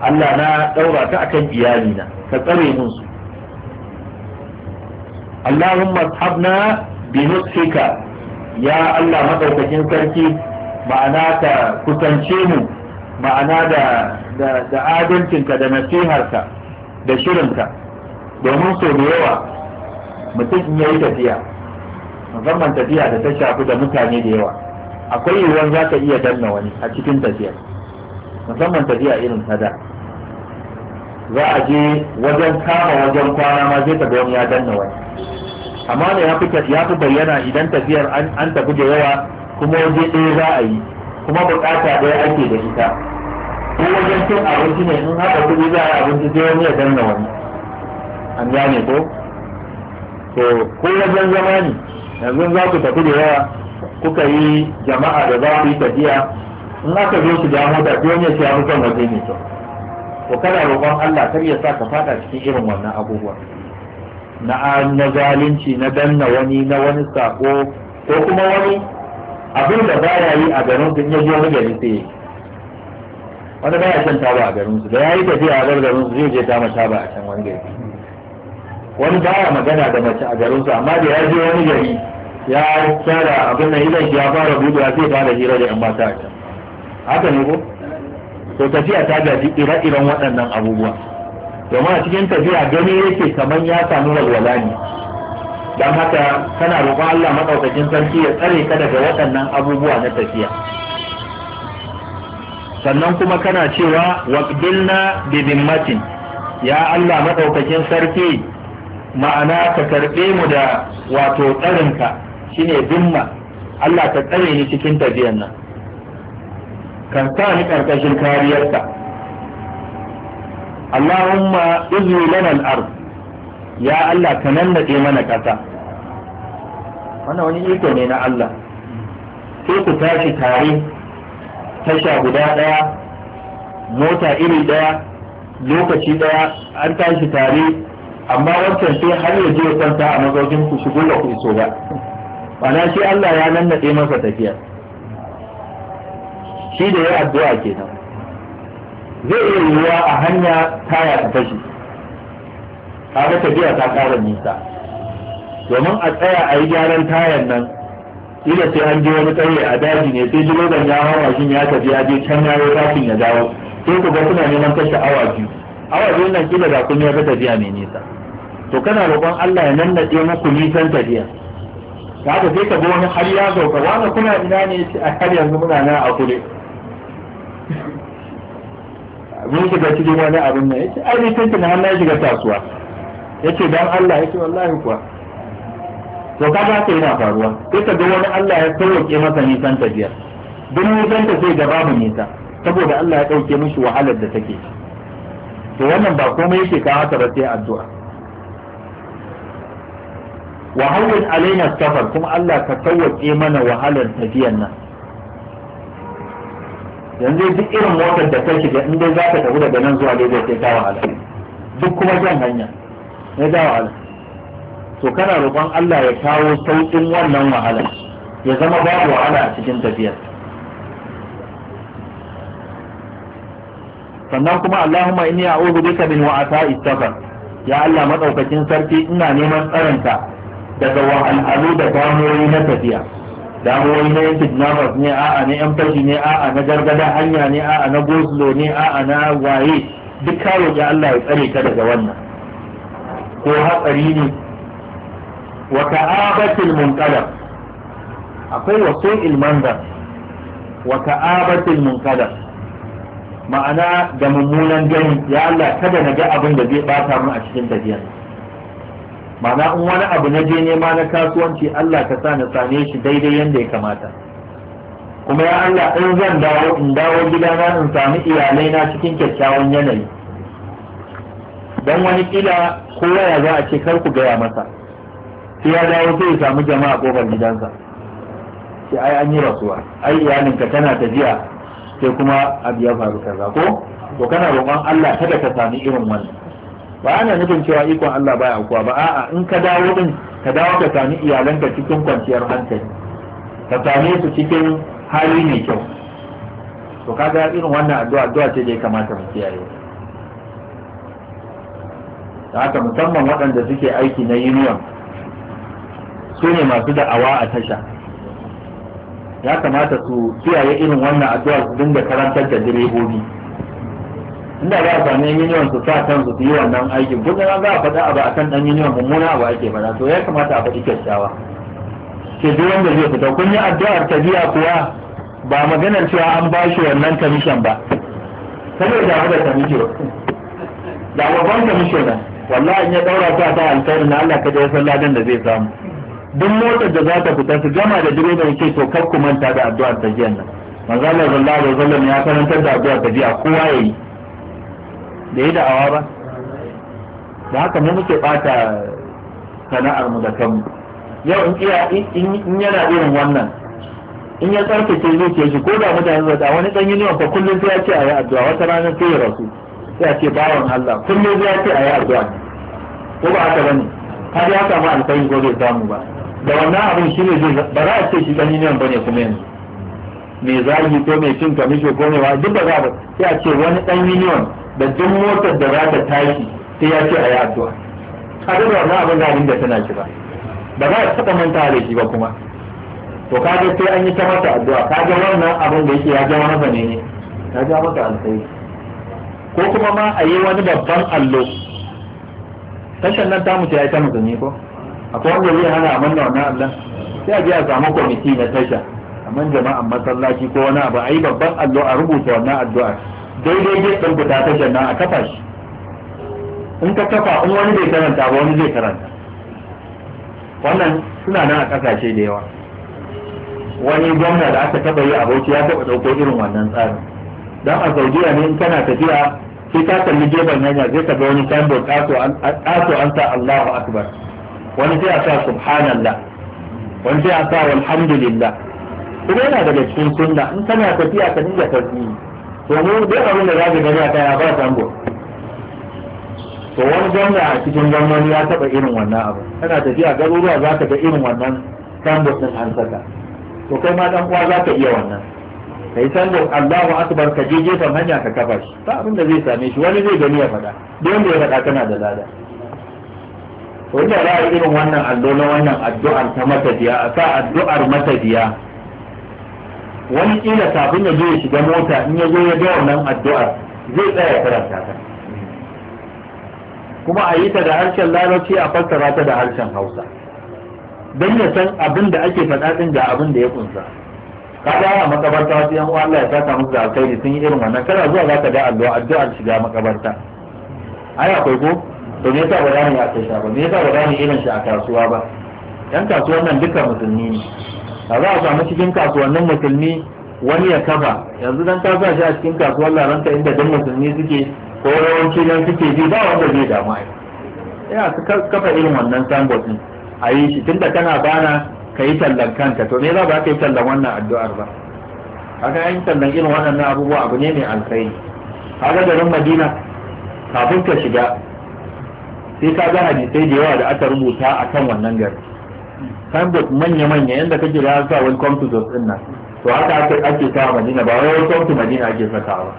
Allah na ɗaura ta akan iyalina ka tsare mun su Allahumma habna bi nusfika ya Allah madaukakin sarki ma'ana ka kusance mu ma'ana da da adalcinka da nasiharka da shirinka domin sau da yawa mutum in yayi tafiya musamman tafiya da ta shafi da mutane da yawa akwai yiwuwar za ka iya danna wani a cikin tafiyar musamman tafiya irin ta da za a je wajen kama wajen kwana ma zai tabi wani ya danna wani amma da ya fi bayyana idan tafiyar an tafi da yawa kuma waje ɗaya za a yi kuma buƙata ɗaya ake da ita ko wajen cin abinci ne in haka kuɗi za a abinci sai wani ya danna wani an gane ko to ko wajen zama ne yanzu za ku tafi da yawa kuka yi jama'a da za ku yi tafiya in aka zo su mota da wani ya ce ya mutum waje ne to ko kana roƙon Allah kar ya sa ka fada cikin irin wannan abubuwa na na zalunci na danna wani na wani sako ko kuma wani abin da baya yi a garin su in ya zo wani gari sai wani baya shan taba a garin su da ya yi tafiya a garin su zai je ta mata ba a can wani gari wani baya magana da mace a garin su amma da ya je wani gari ya kyara abin nan idan ya fara buɗewa zai fara hira da yan mata a can haka ne ko to tafiya ta gaji ire-iren waɗannan abubuwa domin a cikin tafiya gani yake kamar ya samu walwala ne don haka kana roƙon Allah maɗaukakin sarki ya tsare ka daga waɗannan abubuwa na tafiya sannan kuma kana cewa waqbilna bi Matin ya Allah maɗaukakin sarki ma'ana ka karɓe mu da wato tsarinka shine dhimma Allah ka tsare ni cikin tafiyan nan ka sa ni karkashin kariyarsa Allahumma izni lana al-ard ya Allah ka nannade mana kasa wannan wani iko ne na Allah sai ku tashi tare tasha guda daya mota iri daya lokaci daya an tashi tare amma wancan sai har ya je kwanta a mazaukin ku shigo da ku iso ba ma'ana shi Allah ya nannade masa tafiya shi da ya addu'a ke nan. zai iya yiwuwa a hanya taya ta fashi kaga tafiya ta ƙara nisa domin a tsaya a yi gyaran tayan nan ila sai an ji wani ƙauye a daji ne sai jirogan ya hawa shi ya tafi ya je can ya yi tafin ya dawo sai ku ga suna neman kashe awa biyu awa biyu nan kila da kun ya ga tafiya mai nisa to kana roƙon Allah ya nannaɗe muku nisan tafiya ka haka sai ka ga wani har ya sauka wani kuna ina ne a har yanzu muna nan a kure mun shiga cikin wani abin nan yace ai ni tuntun har na shiga kasuwa yace dan Allah yace wallahi kuwa to kaga haka yana faruwa sai ka ga wani Allah ya sauke masa nisan tafiya duk nisan ta sai ga babu nisa saboda Allah ya dauke mishi wahalar da take to wannan ba komai yake kawo haka ba sai addu'a wa hawwin alaina safar kuma Allah ka sauke mana wahalar tafiyar nan yanzu duk irin motar da ta shiga in dai za ta tafi daga nan zuwa daidai sai ta wahala duk kuma jan hanya ya ta wahala to kana roƙon Allah ya kawo sauƙin wannan wahala ya zama babu wahala a cikin tafiyar sannan kuma Allahumma inni a'udhu bika min wa'ata istafar ya Allah madaukakin sarki ina neman tsaranka daga wahalhalu da damuwoyi na tafiya damuwoyi na yanke nafas ne a'a na yan fashi ne a'a na gargada hanya ne a'a na goslo ne a'a na waye duk kawo roƙi Allah ya tsare ka daga wannan ko hatsari ne wa ka'abatil munqadar akwai wasu'il manzar wa ka'abatil munqadar ma'ana da mummunan gani ya Allah kada na ga abin da zai bata mu a cikin tafiya ma'ana in wani abu na je nema na kasuwanci Allah ka sa na same shi daidai yanda ya kamata kuma ya Allah in zan dawo in dawo gidana in sami iyalai na cikin kyakkyawan yanayi dan wani kila ko ya za a ce kar ku gaya masa sai ya dawo sai ya samu jama'a kofar gidansa sai ai an yi rasuwa ai iyalinka tana tafiya sai kuma abu ya faru kaza ko to kana roƙon Allah kada ka sami irin wannan ba ana nufin cewa ikon Allah baya aukuwa ba a'a in ka dawo din ka dawo ka sami iyalanka cikin kwanciyar hankali ka same su cikin hali mai kyau to kaga irin wannan addu'a addu'a ce da ya kamata mu kiyaye ta haka musamman waɗanda suke aiki na union su ne masu da'awa a tasha ya kamata su kiyaye irin wannan addu'a su dinga karantar da direbobi inda za a sami miliyan su sa kan su yi wannan aikin kuma za a faɗa abu a kan ɗan miliyan mummuna abu ake faɗa to ya kamata a faɗi kyakkyawa ke duk wanda zai fita kun yi addu'ar ta biya kuwa ba maganar cewa an ba shi wannan kamishin ba kada da da kamishin da babban kamishin nan wallahi in ya daura ta ta alkhairi na Allah kada ya san ladan da zai samu duk motar da za ta fita su gama da direban yake to kar ku manta da addu'ar ta biyan nan manzo Allah sallallahu alaihi wasallam ya karantar da addu'ar ta biya kowa yayi da yi da'awa ba da haka mu muke bata sana'ar mu da kanmu yau in iya in yana irin wannan in ya tsarkake zuciyar shi ko da mutane zai wani dan yunwa fa kullum sai ya ce ayi addu'a wata rana sai ya rasu sai ya ce bawan Allah kullum sai ya ce ayi addu'a ko ba haka bane har ya samu alfahari ko bai samu ba da wannan abin shi ne zai ba za a ce shi dan yunwa bane kuma yanzu mai zagi ko mai cin kamisho ko mai wa duk ba za a sai a ce wani dan yunwa da duk motar da za ta tashi sai ya ce a yi addu'a a duk wannan abin da abin da tana kira ba za a taɓa manta da shi ba kuma to ga sai an yi ta mata addu'a ga wannan abin da yake ya ja masa ne ne ya ja mata alkhairi ko kuma ma a yi wani babban allo tashan nan ta mutu ya yi ta musulmi ko akwai wanda zai hana a manna wannan allon sai a je a samu kwamiti na tasha man jama'a masallaci ko wani abu a yi babban allo a rubuta wannan addu'ar daidai gate ɗin guda ta janna a kafa shi in ka kafa in wani bai karanta ba wani zai karanta wannan suna nan a ƙasashe da yawa wani gwamna da aka taɓa yi a bauchi ya taɓa ɗauko irin wannan tsarin don a saudiya ne in kana tafiya sai ka kalli gefen hanya zai ka wani signboard ƙato an sa Allahu Akbar wani sai a sa subhanallah wani sai a sa walhamdulillah kuma yana daga cikin sunna in kana tafiya ka dinga tasbihi to mu duk abin da za ka gani a kaya ba tambo to wani gwamna a cikin gwamnati ya taɓa irin wannan abu kana tafiya garuruwa za ka ga irin wannan tambo ɗin an saka to kai ma ɗan uwa za ka iya wannan kai san da Allahu akbar ka je gefen hanya ka kafa shi ba abin da zai same shi wani zai gani ya faɗa duk wanda ya faɗa kana da lada wanda za a irin wannan allo na wannan addu'ar ta matafiya a sa addu'ar matafiya wani kila kafin ya je ya shiga mota in ya zo ya ga wannan addu'ar zai tsaya karanta ta kuma a yi ta da harshen larabci a fassara ta da harshen hausa don ya san abin da ake faɗa ɗin ga abin da ya kunsa ka ga a makabarta wasu yan uwa Allah ya saka musu da alkhairi sun yi irin wannan kana zuwa zaka ga addu'a addu'ar shiga makabarta ai akwai ko to me yasa ba za mu yi a kai ba me yasa ba za mu irin shi a kasuwa ba yan kasuwan nan duka musulmi ne Ka za a samu cikin kasuwannin musulmi wani ya kafa yanzu dan ka sa shi a cikin kasuwar laranta inda dan musulmi suke ko yawanci dan suke ji ba wanda zai damu ai ina su kafa irin wannan sambot din a yi shi tunda kana bana ka yi tallan kanka to me za ba ka yi tallan wannan addu'ar ba haka yin tallan irin wannan abubuwa abu ne mai alkhairi haka garin madina kafin ka shiga sai ka ga hadisai da yawa da aka rubuta akan wannan gari sandbox manya-manya yadda kake da sa welcome to Jos din nan to haka ake ake sa Madina ba wai welcome to Madina ake saka ba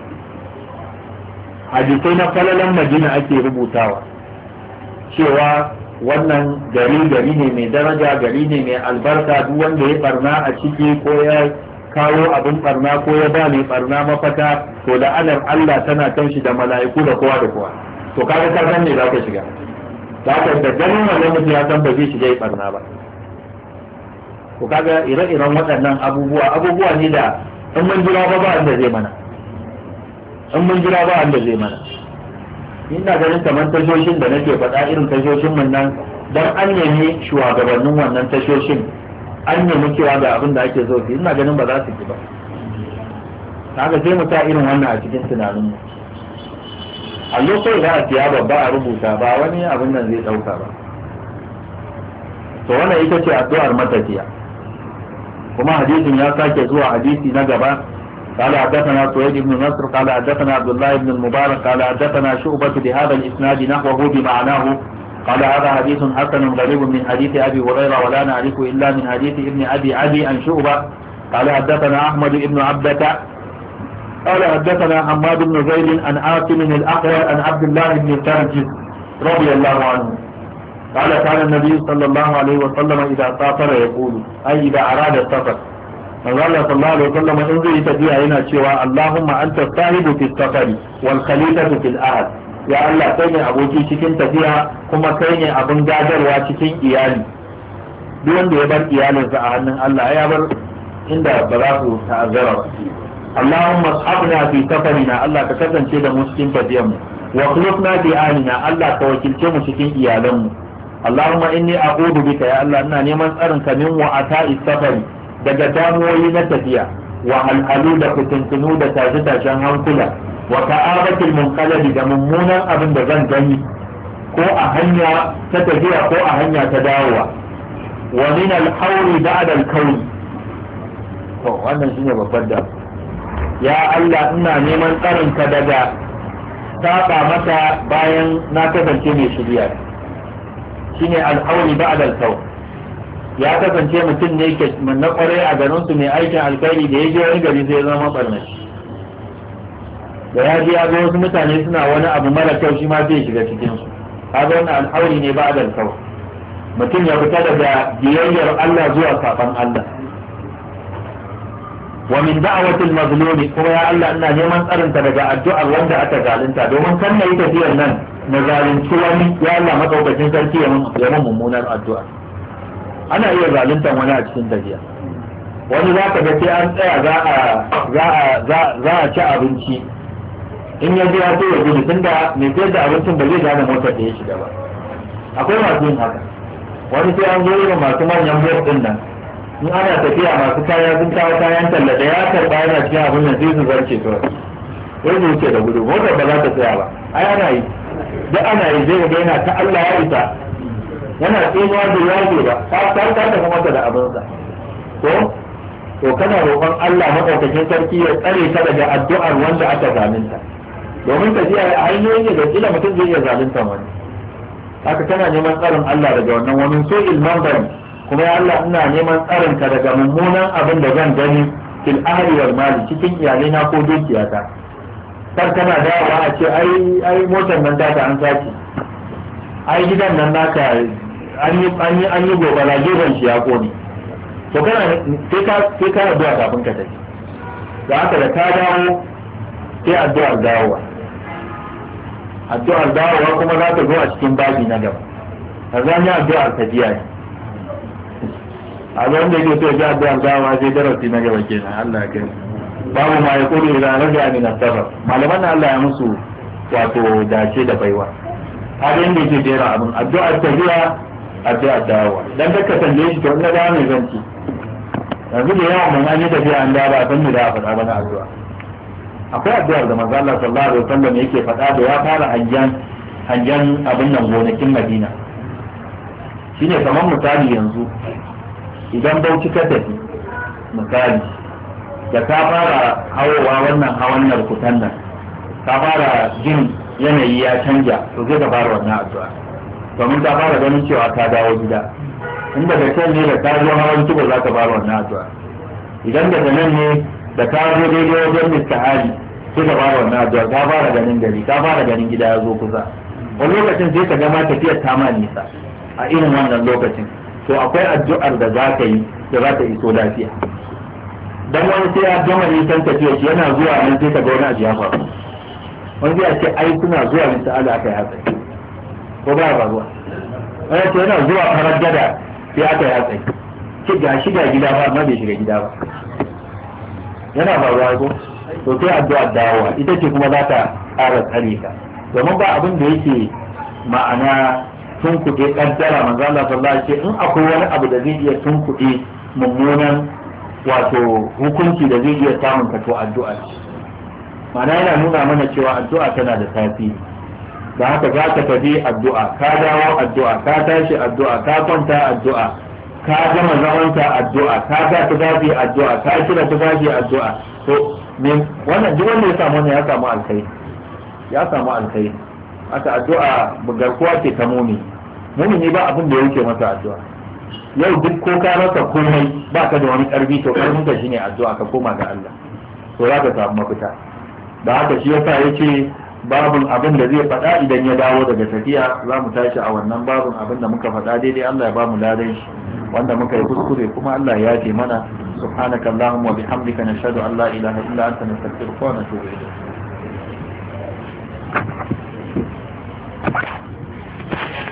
hadisai na falalan Madina ake rubutawa cewa wannan gari gari ne mai daraja gari ne mai albarka duk wanda ya barna a ciki ko ya kawo abin barna ko ya ba mai barna mafaka to la'anar Allah tana kan shi da mala'iku da kowa da kowa to kaga ka ne za ka shiga ta ka da ganin wannan mutum ya san ba zai shiga ya barna ba ku kaga ire-iren waɗannan abubuwa abubuwa ne da in mun jira ba ba da zai mana in mun jira ba da zai mana ina ganin kamar tashoshin da nake faɗa irin tashoshin mun nan dan an nemi shugabannin wannan tashoshin an nemi cewa ga abin da ake so ina ganin ba za su ji ba kaga sai mu sa irin wannan a cikin tunaninmu A lokacin da a siya babba a rubuta ba wani abin nan zai ɗauka ba to wannan ita ce addu'ar matafiya kuma hadisin ya sake zuwa hadisi na gaba قال حدثنا سويد بن نصر قال حدثنا عبد الله بن المبارك قال حدثنا شعبة بهذا الإسناد نحوه بمعناه قال هذا حديث حسن غريب من حديث أبي هريرة ولا نعرفه إلا من حديث ابن أبي عدي عن شعبة قال حدثنا أحمد بن عبدة قال حدثنا حماد بن زيد عن عاصم الأقوى عن عبد الله بن ترجس رضي الله عنه قال كان النبي صلى الله عليه وسلم إذا سافر يقول أي إذا أراد السفر فقال صلى الله عليه وسلم انزل تبيع هنا شوى اللهم أنت الصاحب في السفر والخليفة في الأهل ya Allah kai ne aboki cikin tafiya kuma kai ne abin gadarwa cikin iyali duk wanda ya bar iyalinsa a hannun Allah ya bar inda ba za su ta'azzara ba Allahumma habna fi safarina Allah ka kasance da mu cikin tafiyar mu wa khulufna bi Allah ka wakilce mu cikin iyalan mu Allahumma inni a'udhu bika ya Allah ina neman tsarin ka min wa safari daga damuwoyi na tafiya wa halhalu da fitintunu da tashe-tashen hankula wa ta'abatil munqalabi da mummunan abin da zan gani ko a hanya ta tafiya ko a hanya ta dawowa wa min al-hawli ba'da al wannan shine ya Allah ina neman tsarin ka daga saba masa bayan na kasance mai shirya shine alƙawli ba'da alƙaw ya kasance mutum ne ke na kwarai a garin su mai aikin alkhairi da ya je wani gari sai ya zama barnaci da ya ji ya ga wasu mutane suna wani abu mara kyau shi ma zai shiga cikin su kaga wannan alƙawli ne ba'da alƙaw mutum ya fita daga biyayyar Allah zuwa saban Allah wa min da'watil mazlumi kuma ya Allah ina neman tsarinta daga addu'ar wanda aka zalunta domin kan na yi tafiyar na zalunci wani ya Allah sarki ya mun mummunar addu'a ana iya zaluntan wani a cikin tafiya wani za ka ga an tsaya za a za a ci abinci in ya biya sai ya gudu tunda mai sayar da abincin ba zai gane motar da ya shiga ba akwai masu yin haka wani sai an zo masu manyan biyar din nan in ana tafiya masu kaya sun kawo kayan talla da ya karɓa yana cikin abin nan sai su zarce su wai su wuce da gudu motar ba za ta tsaya ba ai ana yi duk ana yi zai ga yana ta Allah ya isa yana tsinuwa da yaje ba ta ta ta kuma masa da abinsa ko to kana roƙon Allah madaukakin sarki ya tsare ka daga addu'ar wanda aka zalunta domin tafiya a hanyoyin da kila mutum zai iya zalunta wani haka kana neman tsarin Allah daga wannan wani so ilman bari kuma ya Allah ina neman tsarinka daga mummunan abin da zan gani fil ahli wal mali cikin na ko dukiyata kar kana dawowa a ce ai ai motar nan ta an sace ai gidan nan naka an yi an yi an yi gobara gefen shi ya kone to kana sai ka sai ka addu'a kafin ka tafi da haka da ka dawo sai addu'ar dawowa addu'ar dawowa kuma za ta zo a cikin babi na gaba yanzu an yi addu'ar tafiya ne abin da yake so ya ji addu'ar dawa sai darasi na gaba kenan Allah ya babu ma ya kudu ila raja na asfar malaman Allah ya musu wato dace da baiwa abin da yake jera abin addu'ar tafiya addu'ar dawa dan dakka ka shi to ina ga mai zanci yanzu da yawa mun an yi tafiya an da ba san mu da faɗa bana addu'a akwai addu'ar da manzo Allah sallallahu alaihi wasallam yake faɗa da ya fara hanjan hanjan abin nan gonakin Madina shine kamar misali yanzu idan bauchi ka tafi misali da ka fara hawowa wannan hawan narkutan nan ka fara jin yanayi ya canja to zai ka fara wannan addu'a domin ta fara ganin cewa ta dawo gida in daga can ne da ka zo hawan tuba za ka fara wannan addu'a idan daga nan ne da ka zo daidai wajen hali sai ka fara wannan addu'a ka fara ganin gari ka fara ganin gida ya zo kusa wani lokacin sai ka gama tafiyar ta ma nisa a irin wannan lokacin to akwai addu'ar da za ka yi da za ta iso lafiya dan wani sai ya gama san ta ce yana zuwa nan sai ka ga wani abu ya faru wani zai ce ai suna zuwa ne sai Allah kai hatsari ko ba ba zuwa wani ce yana zuwa farar gada sai aka yi hatsari ki ga shi ga gida ba amma bai shiga gida ba yana faruwa ko to sai addu'a dawowa ita ce kuma za ta ƙara tsare ka domin ba abin da yake ma'ana tunkuɗe kaddara manzo Allah sallallahu alaihi wasallam in akwai wani abu da zai iya tunkuɗe mummunan wato hukunci da zai iya samun ka to addu'a ma'ana yana nuna mana cewa addu'a tana da tasiri da haka za ka tafi addu'a ka dawo addu'a ka tashi addu'a ka kwanta addu'a ka gama zamanta addu'a ka ga tufafi addu'a ka kira tufafi addu'a to wannan duk wanda ya samu wannan ya samu alkhairi ya samu alkhairi haka addu'a garkuwa ce ta mumi mumini ba abin da ya wuce masa addu'a yau duk ko ka rasa komai ba ka da wani karfi to karfin ka shine addu'a ka koma ga Allah to za ka samu mafita da haka shi yasa yace babun abin da zai faɗa idan ya dawo daga tafiya za mu tashi a wannan babun abin da muka faɗa daidai Allah ya ba mu ladan shi wanda muka yi kuskure kuma Allah ya ce mana subhanaka allahumma wa bihamdika nashhadu an la ilaha illa anta nastaghfiruka wa